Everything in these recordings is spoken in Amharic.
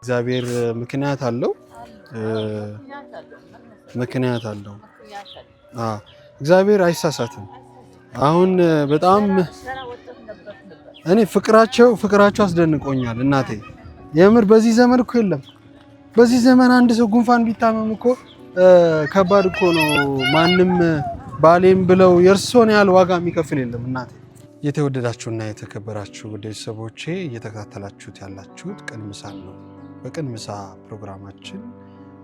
እግዚአብሔር ምክንያት አለው ምክንያት አለው። እግዚአብሔር አይሳሳትም። አሁን በጣም እኔ ፍቅራቸው ፍቅራቸው አስደንቆኛል እናቴ የምር በዚህ ዘመን እኮ የለም። በዚህ ዘመን አንድ ሰው ጉንፋን ቢታመም እኮ ከባድ እኮ ነው። ማንም ባሌም ብለው የእርሶን ያህል ዋጋ የሚከፍል የለም እናቴ። የተወደዳችሁና የተከበራችሁ ቤተሰቦቼ እየተከታተላችሁት ያላችሁት ቅን ምሳን ነው። በቀን ምሳ ፕሮግራማችን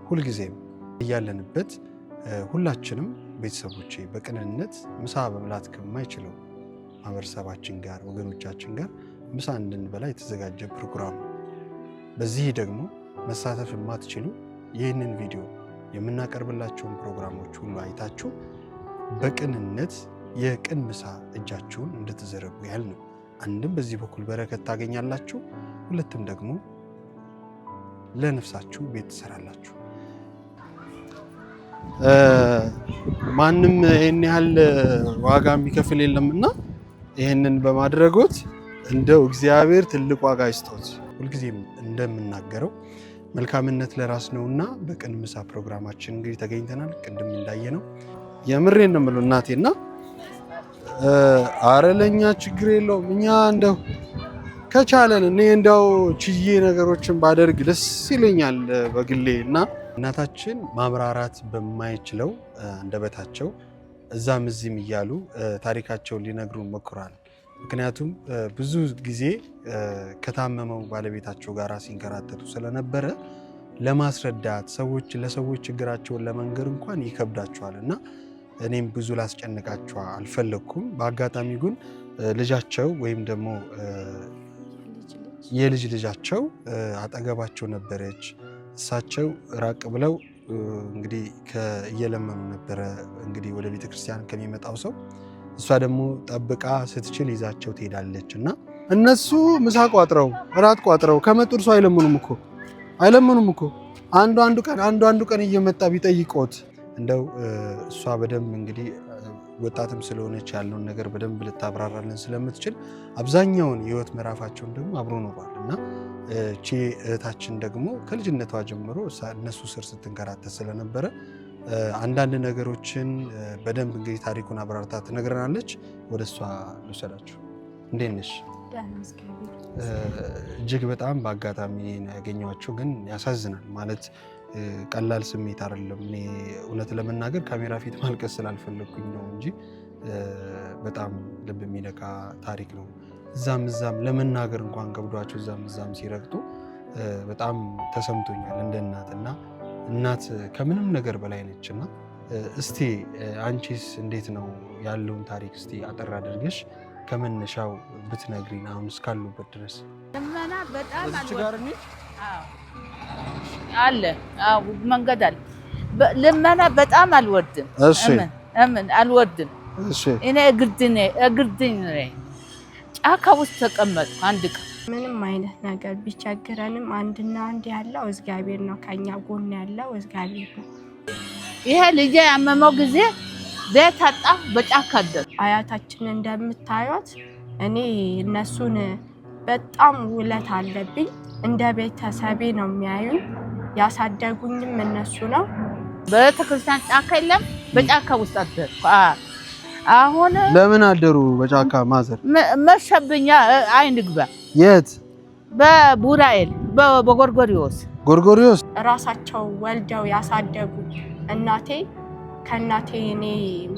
ሁልጊዜም እያለንበት ሁላችንም ቤተሰቦቼ በቅንነት ምሳ በመብላት ከማይችለው ማህበረሰባችን ጋር ወገኖቻችን ጋር ምሳ እንድንበላ የተዘጋጀ ፕሮግራም ነው። በዚህ ደግሞ መሳተፍ የማትችሉ ይህንን ቪዲዮ የምናቀርብላቸውን ፕሮግራሞች ሁሉ አይታችሁ በቅንነት የቅን ምሳ እጃችሁን እንድትዘረጉ ያህል ነው። አንድም በዚህ በኩል በረከት ታገኛላችሁ፣ ሁለትም ደግሞ ለነፍሳችሁ ቤት ትሰራላችሁ። ማንም ይህን ያህል ዋጋ የሚከፍል የለምና ይህንን በማድረጎት እንደው እግዚአብሔር ትልቅ ዋጋ ይስጦት። ሁልጊዜ እንደምናገረው መልካምነት ለራስ ነውና በቅን ምሳ ፕሮግራማችን እንግዲህ ተገኝተናል። ቅድም እንዳየ ነው የምሬን ነው የምለው እናቴና አረለኛ ችግር የለውም እኛ እንደው ከቻለን እኔ እንደው ችዬ ነገሮችን ባደርግ ደስ ይለኛል በግሌ እና እናታችን ማብራራት በማይችለው አንደበታቸው እዛም እዚህም እያሉ ታሪካቸውን ሊነግሩ ሞክረዋል። ምክንያቱም ብዙ ጊዜ ከታመመው ባለቤታቸው ጋር ሲንከራተቱ ስለነበረ ለማስረዳት ሰዎች ለሰዎች ችግራቸውን ለመንገር እንኳን ይከብዳቸዋል እና እኔም ብዙ ላስጨንቃቸዋ አልፈለግኩም። በአጋጣሚ ግን ልጃቸው ወይም ደግሞ የልጅ ልጃቸው አጠገባቸው ነበረች። እሳቸው ራቅ ብለው እንግዲህ እየለመኑ ነበረ እንግዲህ ወደ ቤተ ክርስቲያን ከሚመጣው ሰው እሷ ደግሞ ጠብቃ ስትችል ይዛቸው ትሄዳለች እና እነሱ ምሳ ቋጥረው እራት ቋጥረው ከመጡ እርሱ አይለምኑም እኮ አይለምኑም እኮ አንዱ አንዱ ቀን አንዱ አንዱ ቀን እየመጣ ቢጠይቆት እንደው እሷ በደንብ እንግዲህ ወጣትም ስለሆነች ያለውን ነገር በደንብ ልታብራራልን ስለምትችል አብዛኛውን የህይወት ምዕራፋቸውን ደግሞ አብሮ ኖሯል እና እቺ እህታችን ደግሞ ከልጅነቷ ጀምሮ እነሱ ስር ስትንከራተት ስለነበረ አንዳንድ ነገሮችን በደንብ እንግዲህ ታሪኩን አብራርታ ትነግረናለች። ወደ እሷ ልውሰዳችሁ። እንዴት ነሽ? እጅግ በጣም በአጋጣሚ ያገኘኋችሁ ግን ያሳዝናል ማለት ቀላል ስሜት አይደለም። እኔ እውነት ለመናገር ካሜራ ፊት ማልቀስ ስላልፈለግኩኝ ነው እንጂ በጣም ልብ የሚነካ ታሪክ ነው። እዛም እዛም ለመናገር እንኳን ከብዷቸው እዛም እዛም ሲረግጡ በጣም ተሰምቶኛል እንደ እናት እና እናት ከምንም ነገር በላይ ነች እና እስቲ አንቺስ እንዴት ነው ያለውን ታሪክ እስቲ አጠር አድርገሽ ከመነሻው ብትነግሪን አሁን እስካሉበት ድረስ ልመና በጣም አለ። አዎ መንገድ አለ። ልመና በጣም አልወድም። እሺ አምን አልወድም። እሺ እኔ እግድኔ እግድኝ ነኝ። ጫካ ውስጥ ተቀመጥኩ አንድ ቀን ምንም አይነት ነገር ቢቸግረንም አንድና አንድ ያለው እግዚአብሔር ነው። ከኛ ጎን ያለው እግዚአብሔር ነው። ይሄ ልጄ ያመመው ጊዜ ቤት አጣ በጫካ ደር አያታችን እንደምታዩት እኔ እነሱን በጣም ውለት አለብኝ። እንደ ቤተሰቤ ነው የሚያዩኝ። ያሳደጉኝም እነሱ ነው። በቤተክርስቲያን ጫካ የለም። በጫካ ውስጥ አደር አሁን ለምን አደሩ? በጫካ ማዘር መሸብኛ አይን ግባ የት በቡራኤል በጎርጎሪዎስ ጎርጎሪዎስ ራሳቸው ወልደው ያሳደጉ እናቴ ከእናቴ እኔ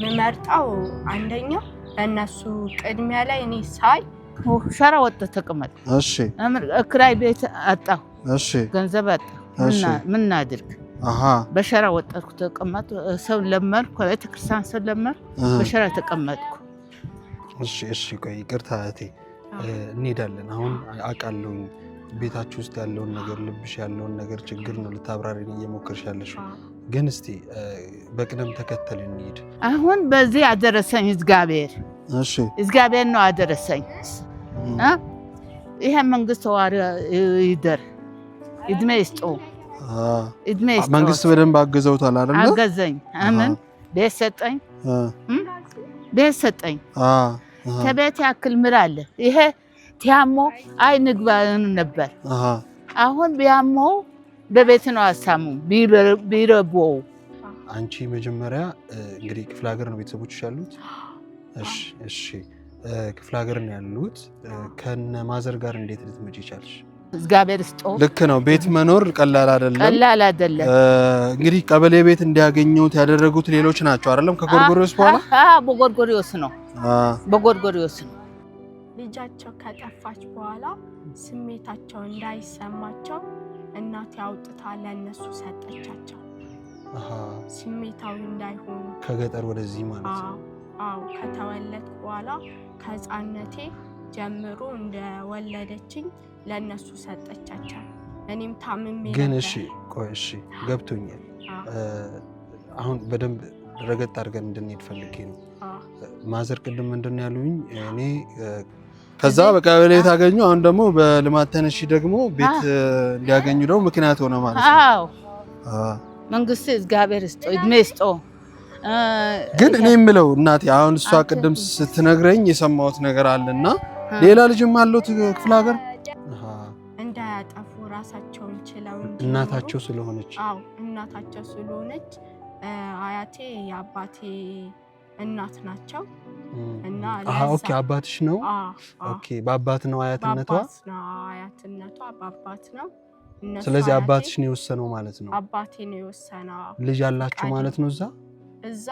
የምመርጠው አንደኛ በእነሱ ቅድሚያ ላይ እኔ ሳይ ሸራ ወጥ ተቀመጥ። እሺ፣ ክራይ ቤት አጣሁ። እሺ፣ ገንዘብ አጣሁ። ምናድርግ በሸራ ወጠርኩ ተቀመጥኩ። ሰው ለመድኩ፣ ቤተክርስቲያን ሰው ለመድኩ፣ በሸራ ተቀመጥኩ። እሺ እሺ፣ ቆይ ይቅርታ እህቴ፣ እንሄዳለን አሁን። አውቃለሁ ቤታችሁ ውስጥ ያለውን ነገር ልብሽ ያለውን ነገር ችግር ነው፣ ልታብራሪን እየሞከርሽ ያለሽው ግን እስቲ በቅደም ተከተል እንሂድ። አሁን በዚህ አደረሰኝ እግዚአብሔር፣ እሺ እግዚአብሔር ነው አደረሰኝ። ይሄ መንግስት ተዋሪ ይደር፣ እድሜ ይስጠው እድሜ መንግስት በደንብ አገዘውታል አይደል? አገዘኝ። አምን ቤት ሰጠኝ፣ ቤት ሰጠኝ። ከቤት ያክል ምር አለ። ይሄ ቲያሞ አይ ንግባን ነበር። አሁን ቢያሞ በቤት ነው አሳሙ ቢረቦው። አንቺ መጀመሪያ እንግዲህ ክፍለ ሀገር ነው ቤተሰቦች ያሉት? እሺ፣ እሺ። ክፍለ ሀገር ነው ያሉት። ከነ ማዘር ጋር እንዴት ልትመጪ ይቻልሽ? እግዚአብሔር ይስጠው። ልክ ነው። ቤት መኖር ቀላል አይደለም፣ ቀላል አይደለም። እንግዲህ ቀበሌ ቤት እንዲያገኙት ያደረጉት ሌሎች ናቸው አይደለም? ከጎርጎሪዎስ በኋላ በጎርጎሪዎስ ነው፣ በጎርጎሪዎስ ነው። ልጃቸው ከጠፋች በኋላ ስሜታቸው እንዳይሰማቸው እናቴ አውጥታ ለእነሱ ሰጠቻቸው፣ ስሜታዊ እንዳይሆኑ ከገጠር ወደዚህ ማለት ነው። አዎ ከተወለድኩ በኋላ ከህፃነቴ ጀምሮ እንደወለደችኝ ለእነሱ ሰጠቻቸው። እኔም ታምሜ ግን እሺ፣ ቆይ እሺ፣ ገብቶኛል። አሁን በደንብ ረገጥ አድርገን እንድንሄድ ፈልጌ ነው። ማዘር ቅድም ምንድን ነው ያሉኝ? እኔ ከዛ በቀበሌ ታገኙ፣ አሁን ደግሞ በልማት ተነሺ ደግሞ ቤት ሊያገኙ ደግሞ ምክንያት ሆነ ማለት ነው። መንግስት እግዚአብሔር ስጦ እድሜ ስጦ። ግን እኔ የምለው እናቴ፣ አሁን እሷ ቅድም ስትነግረኝ የሰማሁት ነገር አለና ሌላ ልጅም አለው ክፍለ ሀገር ራሳቸውን ችለው እናታቸው ስለሆነች አዎ እናታቸው ስለሆነች አያቴ የአባቴ እናት ናቸው እና ኦኬ አባትሽ ነው ኦኬ በአባት ነው አያትነቷ አያትነቷ በአባት ነው ስለዚህ አባትሽ ነው የወሰነው ማለት ነው አባቴ ነው የወሰነው ልጅ አላቸው ማለት ነው እዛ እዛ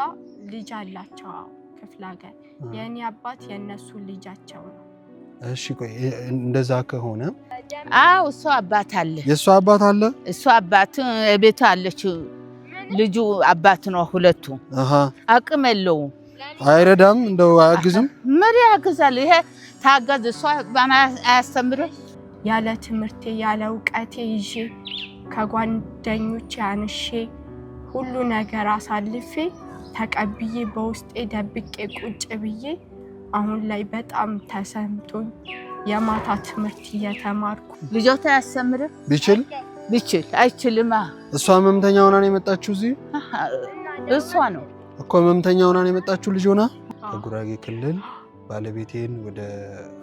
ልጅ አላቸው ክፍለ ሀገር የእኔ አባት የእነሱ ልጃቸው ነው እሺ ቆይ እንደዛ ከሆነ አው እሷ አባት አለ የእሷ አባት አለ እሷ አባት ቤቷ አለች። ልጁ አባት ነው። ሁለቱ አቅም የለውም። አይረዳም፣ እንደው አያግዝም። ምን ያግዛል? ይሄ ታገዝ። እሷ አያስተምርም። ያለ ትምህርቴ ያለ እውቀቴ ይዤ ከጓደኞች አንሼ ሁሉ ነገር አሳልፌ ተቀብዬ በውስጤ ደብቄ ቁጭ ብዬ አሁን ላይ በጣም ተሰምቶኝ የማታ ትምህርት እየተማርኩ ልጆታ ያሰምርም ቢችል ቢችል አይችልም። እሷ ህመምተኛ ሆና ነው የመጣችሁ እዚህ። እሷ ነው እኮ ህመምተኛ ሆና ነው የመጣችሁ ልጅ ሆና ከጉራጌ ክልል ባለቤቴን ወደ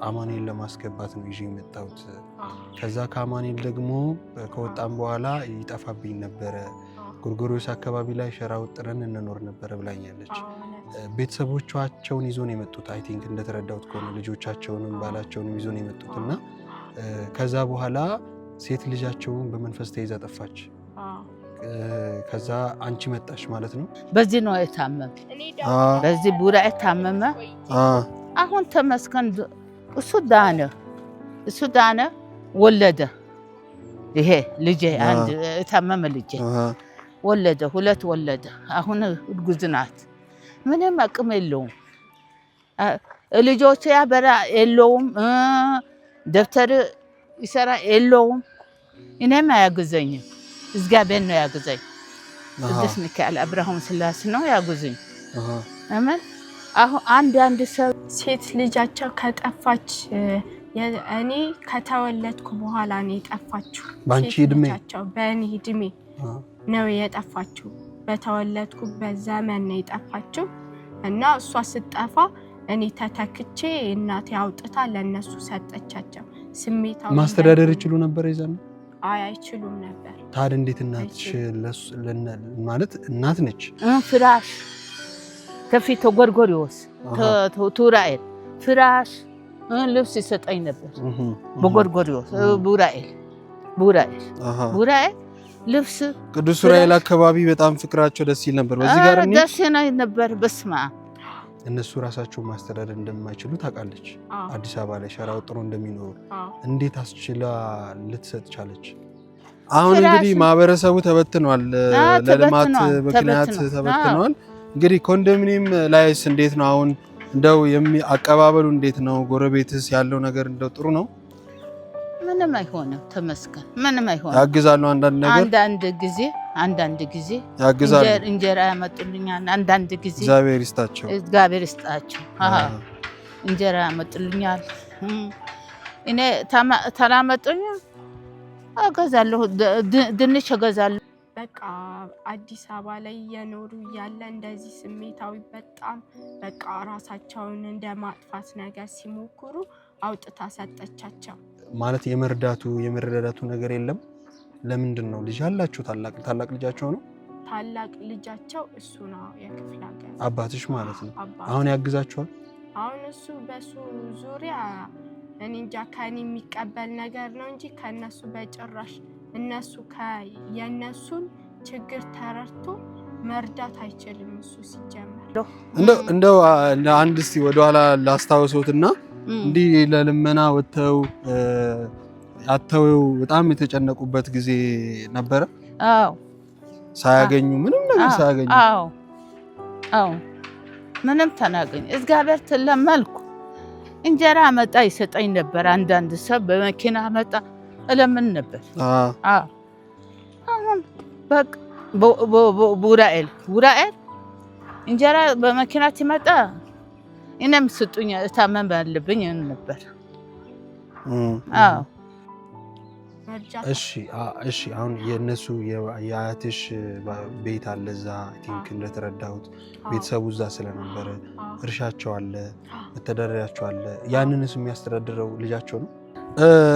አማኔል ለማስገባት ነው ይዤ የመጣሁት። ከዛ ከአማኔል ደግሞ ከወጣም በኋላ ይጠፋብኝ ነበረ ጎርጎሪዎስ አካባቢ ላይ ሸራ ውጥረን እንኖር ነበር ብላኛለች። ቤተሰቦቻቸውን ይዞን የመጡት አይ ቲንክ እንደተረዳሁት ከሆነ ልጆቻቸውንም ባላቸውንም ይዞን የመጡት እና ከዛ በኋላ ሴት ልጃቸውን በመንፈስ ተይዛ ጠፋች። ከዛ አንቺ መጣሽ ማለት ነው። በዚህ ነው የታመመ በዚህ ቡራ የታመመ አሁን ተመስገን እሱ ዳነ፣ እሱ ዳነ ወለደ። ይሄ ልጄ አንድ የታመመ ልጄ ወለደ፣ ሁለት ወለደ። አሁን እርጉዝ ናት። ምንም አቅም የለውም። ልጆች ያበራ የለውም። ደብተር ይሰራ የለውም። እኔም አያግዘኝም። እግዚአብሔር ነው ያግዘኝ። ቅዱስ ሚካኤል አብርሃም ስላሴ ነው ያጉዘኝ አሜን። አሁን አንድ አንድ ሰው ሴት ልጃቸው ከጠፋች እኔ ከተወለድኩ በኋላ ነው የጠፋችው። በአንቺ እድሜ በእኔ እድሜ ነው የጠፋችው። በተወለድኩበት ዘመን ነው የጠፋችው እና እሷ ስጠፋ እኔ ተተክቼ እናቴ አውጥታ ለእነሱ ሰጠቻቸው። ስሜታ ማስተዳደር ይችሉ ነበር ይዘን አይ አይችሉም ነበር። ታዲያ እንዴት እናትሽ ማለት እናት ነች። ፍራሽ ከፊት ጎርጎሪዎስ ቱራኤል ፍራሽ ልብስ ይሰጠኝ ነበር። በጎርጎሪዎስ ቡራኤል ቡራኤል ቡራኤል ልብስ ቅዱስ ዑራኤል አካባቢ በጣም ፍቅራቸው ደስ ይል ነበር። በዚህ ጋር ደስ ነበር። በስማ እነሱ ራሳቸው ማስተዳደር እንደማይችሉ ታውቃለች። አዲስ አበባ ላይ ሸራ ወጥሮ እንደሚኖሩ እንዴት አስችላ ልትሰጥ ቻለች? አሁን እንግዲህ ማህበረሰቡ ተበትኗል፣ ለልማት ምክንያት ተበትኗል። እንግዲህ ኮንዶሚኒየም ላይስ እንዴት ነው አሁን እንደው አቀባበሉ እንዴት ነው? ጎረቤትስ ያለው ነገር እንደው ጥሩ ነው? ምንም አይሆንም። ተመስገን ምንም አይሆንም። ያግዛሉ። አንዳንድ ነገር አንዳንድ ጊዜ አንዳንድ ጊዜ ያግዛሉ። እንጀራ ያመጡልኛል። አንዳንድ ጊዜ እግዚአብሔር ይስጣቸው፣ እግዚአብሔር ይስጣቸው። እንጀራ ያመጡልኛል። እኔ ታላመጡኝ እገዛለሁ፣ ድንች እገዛለሁ። በቃ አዲስ አበባ ላይ እየኖሩ እያለ እንደዚህ ስሜታዊ በጣም በቃ ራሳቸውን እንደ ማጥፋት ነገር ሲሞክሩ አውጥታ ሰጠቻቸው። ማለት የመርዳቱ የመረዳዳቱ ነገር የለም። ለምንድን ነው ልጅ አላቸው ታላቅ ልጃቸው ነው። ታላቅ ልጃቸው እሱ ነው የክፍለ ሀገር አባትሽ ማለት ነው። አሁን ያግዛችኋል። አሁን እሱ በሱ ዙሪያ እኔ እንጃ ከኔ የሚቀበል ነገር ነው እንጂ ከነሱ በጭራሽ እነሱ የነሱን ችግር ተረድቶ መርዳት አይችልም። እሱ ሲጀመር እንደው አንድ እስቲ ወደኋላ ላስታውሶትና እንዲህ ለልመና ወጥተው አተው በጣም የተጨነቁበት ጊዜ ነበረ። አዎ ሳያገኙ ምንም ነገር ሳያገኙ። አዎ አዎ ምንም ተናገኝ እግዚአብሔር ትለመልኩ እንጀራ መጣ ይሰጠኝ ነበር። አንዳንድ ሰብ በመኪና መጣ እለምን ነበር። አሁን በቃ ቡራኤል ቡራኤል እንጀራ በመኪና ሲመጣ እኔም ስጡኝ እታመም ባለብኝ ነበር። አዎ እሺ፣ እሺ። አሁን የእነሱ የአያትሽ ቤት አለ እዛ ቲንክ እንደተረዳሁት ቤተሰቡ እዛ ስለነበረ እርሻቸው አለ፣ መተዳደሪያቸው አለ። ያንንስ የሚያስተዳድረው ልጃቸው ነው።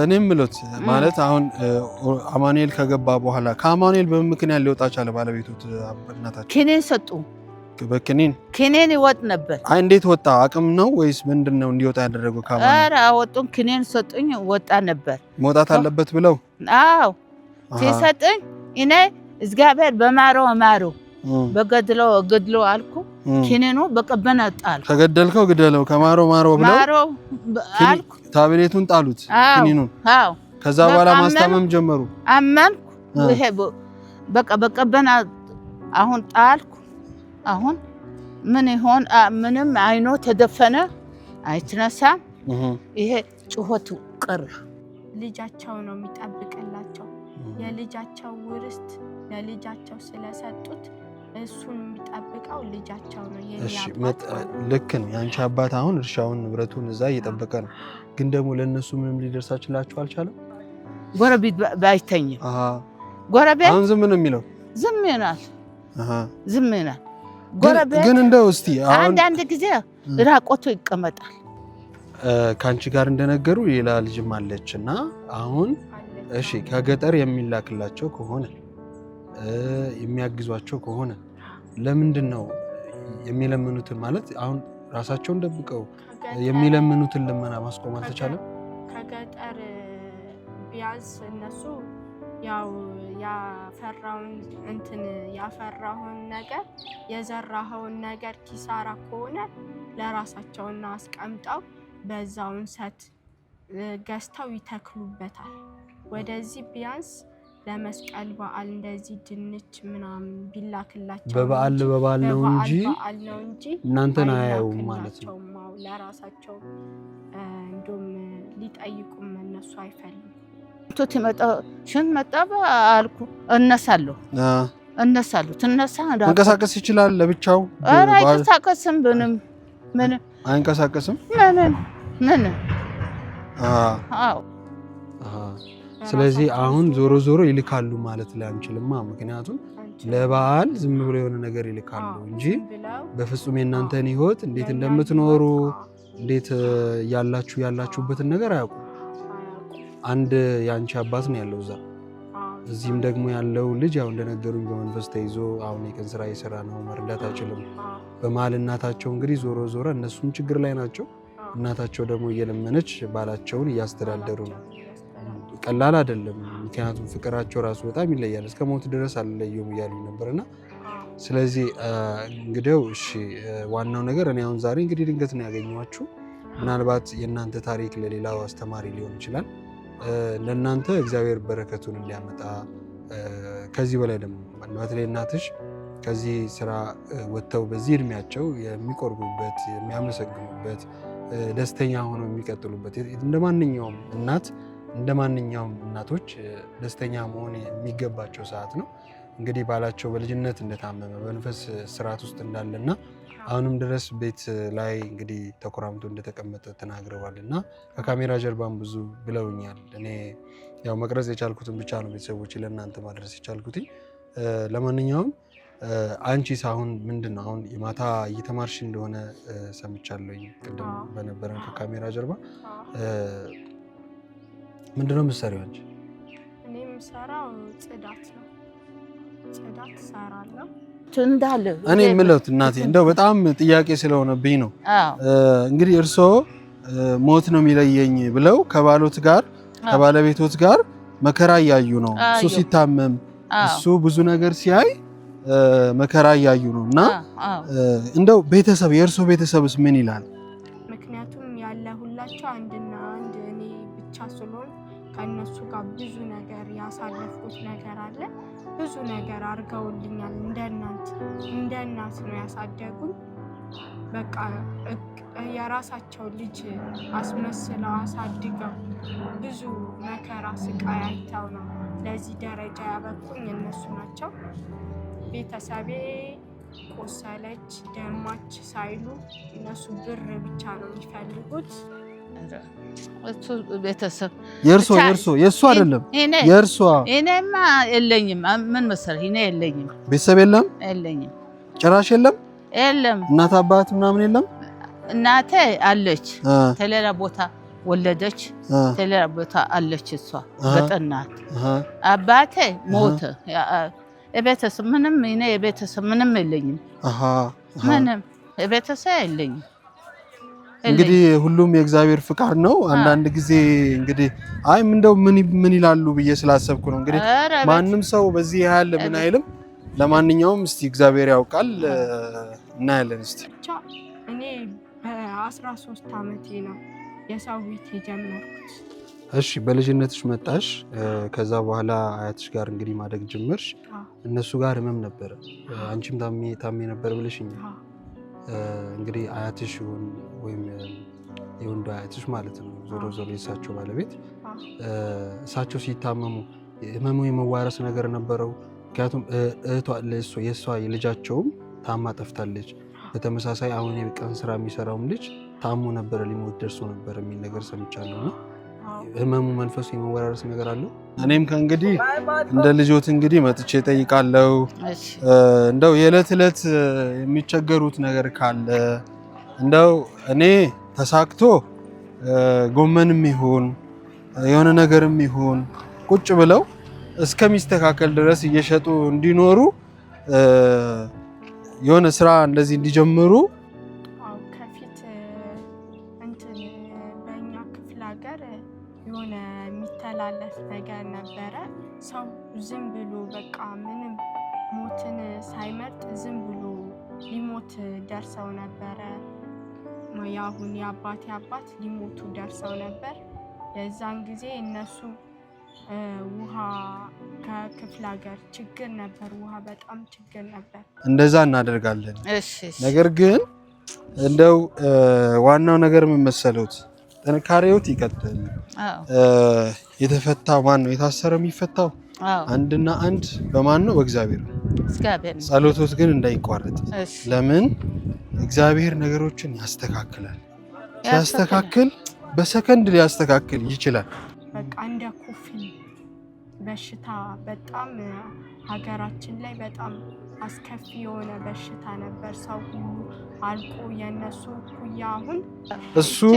እኔም ምሎት ማለት አሁን አማኑኤል ከገባ በኋላ ከአማኑኤል በምን ምክንያት ሊወጣ ቻለ? ባለቤቶት እናታቸው ክኔን ሰጡ በክኒን ክኒን ይወጥ ነበር። አይ እንዴት ወጣ? አቅም ነው ወይስ ምንድን ነው እንዲወጣ ያደረገው? ካባ ኧረ አወጡን። ክኒን ሰጡኝ፣ ወጣ ነበር። መውጣት አለበት ብለው አዎ፣ ሲሰጡኝ እኔ እግዚአብሔር በማሮ ማሮ በገድሎ ገድሎ አልኩ። ክኒኑ በቀበና ጣል። ከገደልከው ግደለው፣ ከማሮ ማሮ ብለው ማሮ አልኩ። ታብሌቱን ጣሉት፣ ክኒኑን። አዎ፣ ከዛ በኋላ ማስታመም ጀመሩ። አመንኩ። ይሄ በቃ በቀበና አሁን ጣልኩ አሁን ምን ይሆን? ምንም አይኖ ተደፈነ፣ አይትነሳም። ይሄ ጩኸቱ ቀረ። ልጃቸው ነው የሚጠብቅላቸው። የልጃቸው ውርስት ለልጃቸው ስለሰጡት እሱን የሚጠብቀው ልጃቸው ነው። ልክ ነው። የአንቺ አባት አሁን እርሻውን ንብረቱን እዛ እየጠበቀ ነው፣ ግን ደግሞ ለእነሱ ምንም ሊደርሳችላቸው አልቻለም። ጎረቤት ባይተኝም ጎረቤት አሁን ዝም ነው የሚለው ዝም ይላል፣ ዝም ይላል ጎረቤት ግን እንደው እስቲ አንዳንድ ጊዜ ራቆቶ ይቀመጣል። ከአንቺ ጋር እንደነገሩ ሌላ ልጅም አለች እና አሁን እሺ፣ ከገጠር የሚላክላቸው ከሆነ የሚያግዟቸው ከሆነ ለምንድን ነው የሚለምኑትን ማለት አሁን ራሳቸውን ደብቀው የሚለምኑትን ልመና ማስቆም አልተቻለም? ከገጠር ቢያንስ እነሱ ያው ያፈራውን እንትን ያፈራውን ነገር የዘራኸውን ነገር ኪሳራ ከሆነ ለራሳቸውና አስቀምጠው በዛውን ሰት ገዝተው ይተክሉበታል። ወደዚህ ቢያንስ ለመስቀል በዓል እንደዚህ ድንች ምናምን ቢላክላቸው በበዓል በበዓል ነው እንጂ እናንተን አያዩም ማለት ነው። ለራሳቸው እንዲሁም ሊጠይቁም እነሱ አይፈልጉም። ቶት ይመጣ ሽንት መጣ አልኩ እነሳለሁ እነሳለሁ ትነሳ መንቀሳቀስ ይችላል ለብቻው አይንቀሳቀስም ምንም ምንም አይንቀሳቀስም ምንም ምንም ስለዚህ አሁን ዞሮ ዞሮ ይልካሉ ማለት ላይ አንችልማ ምክንያቱም ለበዓል ዝም ብሎ የሆነ ነገር ይልካሉ እንጂ በፍጹም የእናንተን ህይወት እንዴት እንደምትኖሩ እንዴት ያላችሁ ያላችሁበትን ነገር አያውቁም አንድ የአንቺ አባት ነው ያለው እዛ። እዚህም ደግሞ ያለው ልጅ ያው እንደነገሩኝ በመንፈስ ተይዞ አሁን የቀን ስራ የሰራ ነው፣ መርዳት አይችልም። በመሀል እናታቸው እንግዲህ ዞሮ ዞረ እነሱም ችግር ላይ ናቸው። እናታቸው ደግሞ እየለመነች ባላቸውን እያስተዳደሩ ነው። ቀላል አይደለም። ምክንያቱም ፍቅራቸው ራሱ በጣም ይለያል። እስከ ሞት ድረስ አልለየውም እያሉኝ ነበርና ስለዚህ እንግዲው እሺ፣ ዋናው ነገር እኔ አሁን ዛሬ እንግዲህ ድንገት ነው ያገኘኋችሁ። ምናልባት የእናንተ ታሪክ ለሌላው አስተማሪ ሊሆን ይችላል። ለእናንተ እግዚአብሔር በረከቱን እንዲያመጣ ከዚህ በላይ ደግሞ በተለይ እናትሽ ከዚህ ስራ ወጥተው በዚህ እድሜያቸው የሚቆርቡበት የሚያመሰግኑበት ደስተኛ ሆነው የሚቀጥሉበት እንደ ማንኛውም እናት እንደ ማንኛውም እናቶች ደስተኛ መሆን የሚገባቸው ሰዓት ነው። እንግዲህ ባላቸው በልጅነት እንደታመመ በመንፈስ ስርዓት ውስጥ እንዳለና አሁንም ድረስ ቤት ላይ እንግዲህ ተኮራምቶ እንደተቀመጠ ተናግረዋል እና ከካሜራ ጀርባም ብዙ ብለውኛል። እኔ ያው መቅረጽ የቻልኩትን ብቻ ነው ቤተሰቦች ለእናንተ ማድረስ የቻልኩት። ለማንኛውም አንቺስ አሁን ምንድን ነው አሁን የማታ እየተማርሽ እንደሆነ ሰምቻለኝ ቅድም በነበረን ከካሜራ ጀርባ ምንድነው የምትሰሪው አንቺ? እኔ የምሰራው ጽዳት ነው። ጽዳት እሰራለሁ እንዳለ እኔ የምለው እናቴ እንደው በጣም ጥያቄ ስለሆነብኝ ነው። እንግዲህ እርስዎ ሞት ነው የሚለየኝ ብለው ከባሎት ጋር ከባለቤቶት ጋር መከራ እያዩ ነው። እሱ ሲታመም እሱ ብዙ ነገር ሲያይ መከራ እያዩ ነው እና እንደው ቤተሰብ የእርስዎ ቤተሰብስ ምን ይላል? ምክንያቱም ያለ ሁላቸው አንድና አንድ እኔ ብቻ ስለሆን ከእነሱ ጋር ብዙ ነገር ያሳለፍኩት ነገር አለ ብዙ ነገር አድርገውልኛል። እንደ እናት እንደ እናት ነው ያሳደጉኝ። በቃ የራሳቸው ልጅ አስመስለው አሳድገው ብዙ መከራ ስቃይ አይተው ነው ለዚህ ደረጃ ያበቁኝ እነሱ ናቸው። ቤተሰቤ ቆሰለች ደማች ሳይሉ እነሱ ብር ብቻ ነው የሚፈልጉት። ቤተሰብ የእርሶ የእርሶ የእሱ አይደለም የእርሷ። እኔማ የለኝም። ምን መሰለህ እኔ የለኝም፣ ቤተሰብ የለም፣ የለኝም፣ ጭራሽ የለም፣ የለም። እናት አባት ምናምን የለም። እናቴ አለች፣ ከሌላ ቦታ ወለደች፣ ተሌላ ቦታ አለች። እሷ በጠናት አባቴ ሞተ። የቤተሰብ ምንም እኔ የቤተሰብ ምንም የለኝም፣ ምንም የቤተሰብ የለኝም። እንግዲህ ሁሉም የእግዚአብሔር ፍቃድ ነው። አንዳንድ ጊዜ እንግዲህ አይ እንደው ምን ይላሉ ብዬ ስላሰብኩ ነው። እንግዲህ ማንም ሰው በዚህ ያህል ምን አይልም። ለማንኛውም እስቲ እግዚአብሔር ያውቃል እናያለን። እስቲ እኔ በአስራ ሶስት አመቴ ነው የሰው ቤት የጀመርኩት። እሺ በልጅነትሽ መጣሽ። ከዛ በኋላ አያትሽ ጋር እንግዲህ ማደግ ጀመርሽ። እነሱ ጋር ህመም ነበረ፣ አንቺም ታሜ ነበር ብለሽኛል እንግዲህ አያትሽ ይሁን ወይም የወንዱ አያትሽ ማለት ነው። ዞሮ ዞሮ የእሳቸው ባለቤት እሳቸው ሲታመሙ ህመሙ የመዋረስ ነገር ነበረው። ምክንያቱም እህቷ የእሷ ልጃቸውም ታማ ጠፍታለች። በተመሳሳይ አሁን የቀን ስራ የሚሰራውም ልጅ ታሞ ነበረ፣ ሊሞት ደርሶ ነበር የሚል ነገር ሰምቻለሁ ነው ህመሙ መንፈሱ የመወራረስ ነገር አለው። እኔም ከእንግዲህ እንደ ልጆት እንግዲህ መጥቼ ጠይቃለው። እንደው የዕለት ዕለት የሚቸገሩት ነገር ካለ እንደው እኔ ተሳክቶ ጎመንም ይሁን የሆነ ነገርም ይሁን ቁጭ ብለው እስከሚስተካከል ድረስ እየሸጡ እንዲኖሩ የሆነ ስራ እንደዚህ እንዲጀምሩ ከፊት እንትን በእኛ ክፍለ ሀገር የሆነ የሚተላለፍ ነገር ነበረ። ሰው ዝም ብሎ በቃ ምንም ሞትን ሳይመርጥ ዝም ብሎ ሊሞት ደርሰው ነበረ። የአሁን የአባቴ አባት ሊሞቱ ደርሰው ነበር። የዛን ጊዜ እነሱ ውሃ ከክፍለ ሀገር ችግር ነበር፣ ውሃ በጣም ችግር ነበር። እንደዛ እናደርጋለን። ነገር ግን እንደው ዋናው ነገር ምን ጥንካሬዎት ይቀጥል። የተፈታ ማን ነው? የታሰረ የሚፈታው አንድና አንድ በማን ነው? በእግዚአብሔር ነው። ጸሎቶት ግን እንዳይቋረጥ። ለምን? እግዚአብሔር ነገሮችን ያስተካክላል። ሲያስተካክል በሰከንድ ሊያስተካክል ይችላል። በቃ እንደ በሽታ በጣም ሀገራችን ላይ በጣም አስከፊ የሆነ በሽታ ነበር ሰው አልቆ የነሱ ኩያ አሁን እሱ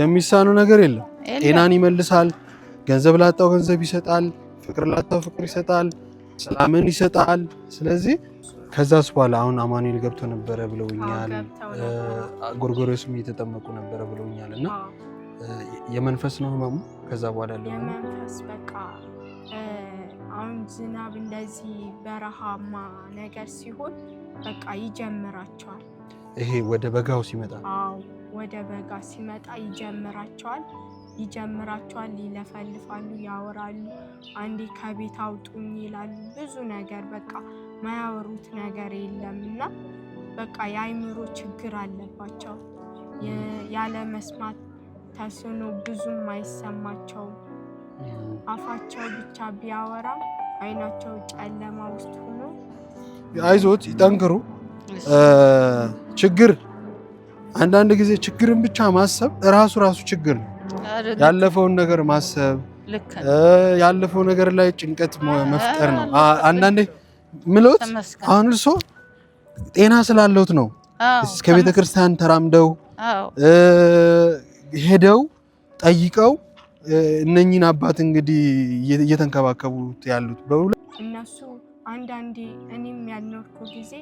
የሚሳኑ ነገር የለም። ጤናን ይመልሳል። ገንዘብ ላጣው ገንዘብ ይሰጣል። ፍቅር ላጣው ፍቅር ይሰጣል። ሰላምን ይሰጣል። ስለዚህ ከዛስ በኋላ አሁን አማኑኤል ገብቶ ነበረ ብለውኛል። ጎርጎሮስም እየተጠመቁ ነበረ ብለውኛል። እና የመንፈስ ነው ህመሙ። ከዛ በኋላ ያለው የመንፈስ በቃ አሁን ዝናብ እንደዚህ በረሃማ ነገር ሲሆን በቃ ይጀምራቸዋል ይሄ ወደ በጋው ሲመጣ ወደ በጋ ሲመጣ ይጀምራቸዋል ይጀምራቸዋል ይለፈልፋሉ፣ ያወራሉ። አንዴ ከቤት አውጡኝ ይላሉ። ብዙ ነገር በቃ ማያወሩት ነገር የለም እና በቃ የአይምሮ ችግር አለባቸው። ያለ መስማት ተስኖ ብዙም አይሰማቸውም። አፋቸው ብቻ ቢያወራም አይናቸው ጨለማ ውስጥ ሆኖ አይዞት ይጠንክሩ ችግር አንዳንድ ጊዜ ችግርን ብቻ ማሰብ እራሱ ራሱ ችግር ነው። ያለፈውን ነገር ማሰብ ያለፈው ነገር ላይ ጭንቀት መፍጠር ነው። አንዳንዴ ምሎት አሁን እርሶ ጤና ስላለውት ነው እስከ ቤተ ክርስቲያን ተራምደው ሄደው ጠይቀው እነኚህን አባት እንግዲህ እየተንከባከቡት ያሉት እነሱ አንዳንዴ እኔም ያልኖርኩ ጊዜ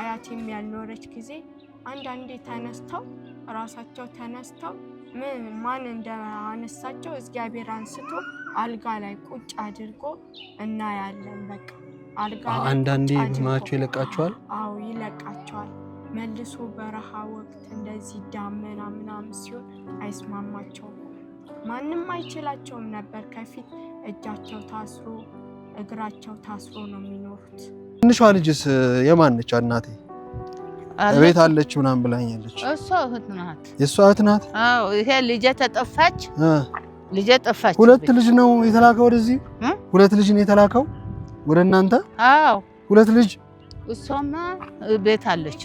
አያቴም ያልኖረች ጊዜ አንዳንዴ ተነስተው ራሳቸው ተነስተው ምን ማን እንደአነሳቸው እግዚአብሔር አንስቶ አልጋ ላይ ቁጭ አድርጎ እናያለን። በቃ አልጋ አንዳንዴ ይለቃቸዋል። አዎ ይለቃቸዋል። መልሶ በረሃ ወቅት እንደዚህ ዳመና ምናምን ሲሆን አይስማማቸውም። ማንም አይችላቸውም ነበር። ከፊት እጃቸው ታስሮ እግራቸው ታስሮ ነው የሚኖሩት። ትንሿ ልጅስ የማን ነች? እናቴ ቤት አለች ምናምን ብላኛለች። እሷ እህት ናት፣ የእሷ እህት ናት። ይሄ ልጄ ተጠፋች፣ ልጄ ጠፋች። ሁለት ልጅ ነው የተላከው ወደዚህ፣ ሁለት ልጅ ነው የተላከው ወደ እናንተ። አዎ ሁለት ልጅ። እሷማ ቤት አለች።